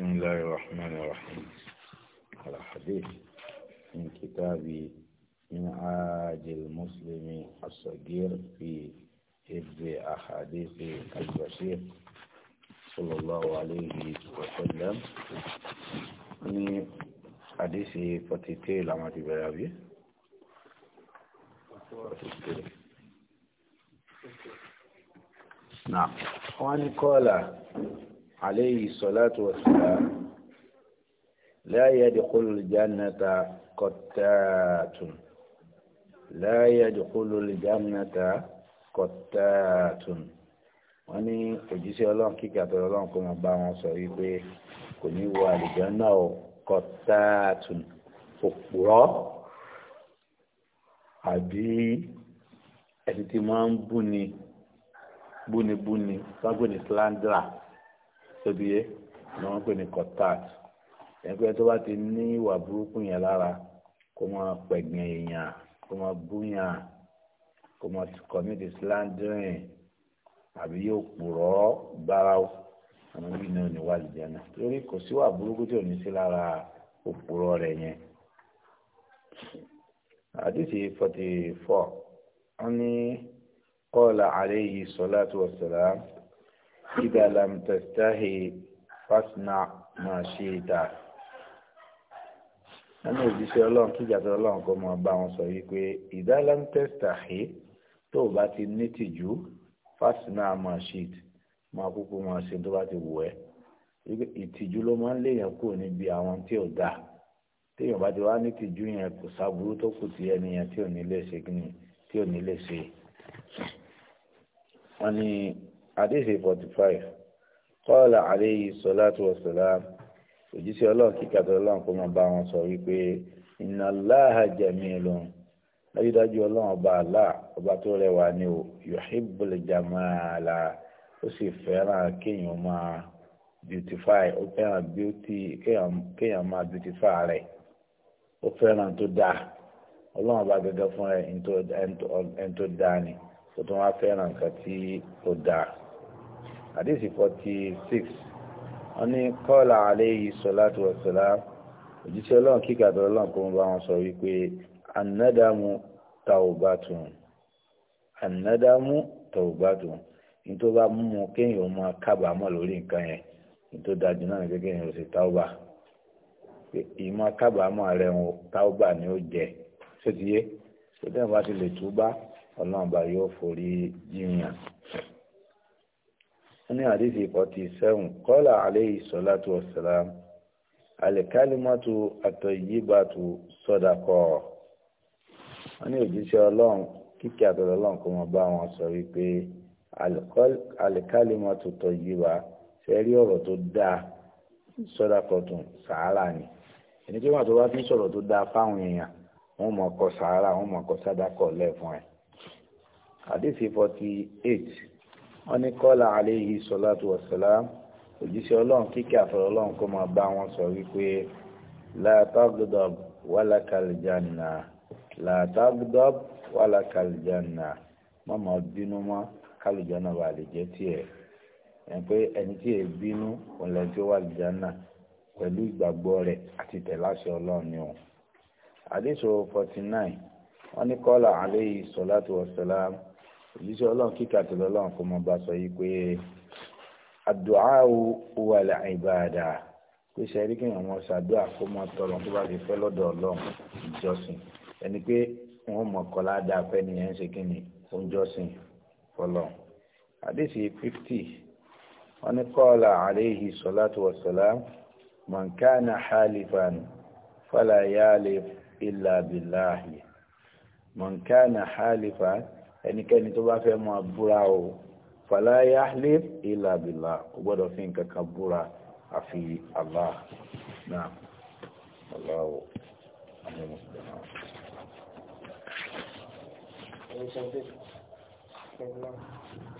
بسم الله الرحمن الرحيم حديث من كتاب من منعاج المسلم الصغير في حفظ أحاديث البشير صلى الله عليه وسلم من حديث فتيتي لما تبرابي نعم وأني قال عليه الصلاة والسلام لا يدخل الجنة قتات لا يدخل الجنة قتات wọ́n ní òjíṣẹ́ ọlọ́run kíkà tọ́lọ́ ọlọ́run kó máa bá wọn sọ wípé kò ní wọ àlùjánnà o kọ́tàtún òpùrọ́ àbí ẹni tí máa ń búni búnibúni ságbóni slandra sódìyẹ ni wọ́n pè ní contact ẹgbẹ́ tó bá ti ní ìwà burúkú yẹn lára kó máa pẹ̀gbìn èèyàn kó máa búyàn kó máa commit slandering àbí yóò purọ́ gbára o àwọn ibi náà ní wàlì jẹun torí kò síwà burúkú tí ò ní sí lára òpùrọ́ rẹ̀ yẹn. àdìsí forty four wọ́n ní kọ́ọ̀là alayhi salatu wassalam. إذا لم تستحي فاصنع ما شئت nínú òjíṣẹ́ ọlọ́run kí ìjàdọ̀ ọlọ́run kó máa bá wọn sọ wípé ìdálẹ́m tẹ́sítàhí tó o bá ti ní tìjú fásinà mashit máa kúkú máa ṣe tó bá ti wù ẹ́ ìtìjú ló máa ń léèyàn kúrò níbi àwọn tí ò dáa téèyàn bá ti wá ní tìjú yẹn kò sábúrú tó kù ti ẹni yẹn ni tí ò ní lè ṣe. wọ́n ní hadith forty five qala alayhi salatu wa ọlọ́run kíkà tó ọlọ́run kó máa bá wọn sọ wípé inna Allaha lọ dájúdájú ọlọ́run ọba àlá ọba tó rẹwà ni o yuhibbul jamala ó sì fẹ́ràn kéèyàn máa beautify ó fẹ́ràn beauty kéèyàn beautify rẹ̀ ó fẹ́ràn tó dáa ọlọ́run ọba gẹ́gẹ́ fún ẹ̀ ń tó dáa ni ó tún wá fẹ́ràn àdísì 46 wọ́n ní kọ́ọ̀lá alayhi salatu wassalam òjíṣẹ́ ọlọ́run kíkà tó ọlọ́run kó ń bá wọn sọ wípé anádàmú taubatun anádàmú taubatun ní tó bá mú mu kéèyàn máa kábàámọ̀ lórí nǹkan yẹn ní tó dájú náà ní pé kéèyàn ò tauba ìmọ̀ kábàámọ̀ rẹ̀ ń tauba ni ó jẹ ṣé ti yé bá ti lè túbá ọlọ́run bá yóò forí jiyàn ní àdífi 47 kọ́lá alayhi salatu wassalam alikalimatu atọ̀yíbatu sọ́dakọ̀ wọ́n ní òjíṣẹ́ ọlọ́run kíkẹ́ àtọ̀dọ̀ ọlọ́run kó mọ bá wọn sọ wípé alikalimatu tọ̀yíba ṣe rí ọ̀rọ̀ tó dáa sọ́dakọ̀ tún sàárà ni ẹni tí wọ́n tó bá fi sọ̀rọ̀ tó dáa fáwọn èèyàn wọ́n mọ̀ kọ sàárà wọ́n mọ̀ kọ sádàkọ̀ lẹ́fọn ẹ̀ àdífi 48 wọ́n ní kọ́lá alayhi salatu wassalam òjíṣẹ́ ọlọ́run kíkẹ́ àfẹ́rẹ́ kó máa bá wọn sọ wípé la taghdab walakal la taghdab bínú mọ́ kálùjáná wà lè jẹ́ tiẹ̀ ẹ̀ pé ẹni tí bínú òǹlẹ̀ tí ó wà lè jánà pẹ̀lú ìgbàgbọ́ rẹ̀ àti tẹ̀láṣẹ ọlọ́run ni òun. àdéṣọ forty nine wọ́n ní kọ́lá òjíṣẹ́ ọlọ́run kíkà àti ọlọ́run kò mọ bá sọ yìí pé àdúà huwa al-ibada pé sẹ́rí kí wọ́n ṣàdúrà kó mọ tọrọ tó bá ti fẹ́ lọ́dọ̀ ọlọ́run ìjọsìn ẹni pé wọ́n mọ̀ kọ́ ládàá pé ni ẹ̀ ń ṣe kí ni ó ń jọ́sìn àdéṣe fifty wọ́n ní kọ́ọ̀lá alayhi salatu wassalam man kana halifan fala yalif illa billahi man kana halifan ẹnikẹ́ni tó bá fẹ́ máa búra o fala yahlif illa billah kò gbọ́dọ̀ fi nǹkan kan búra àfi Allah náà Allahu àmì mùsùlùmí. Thank you.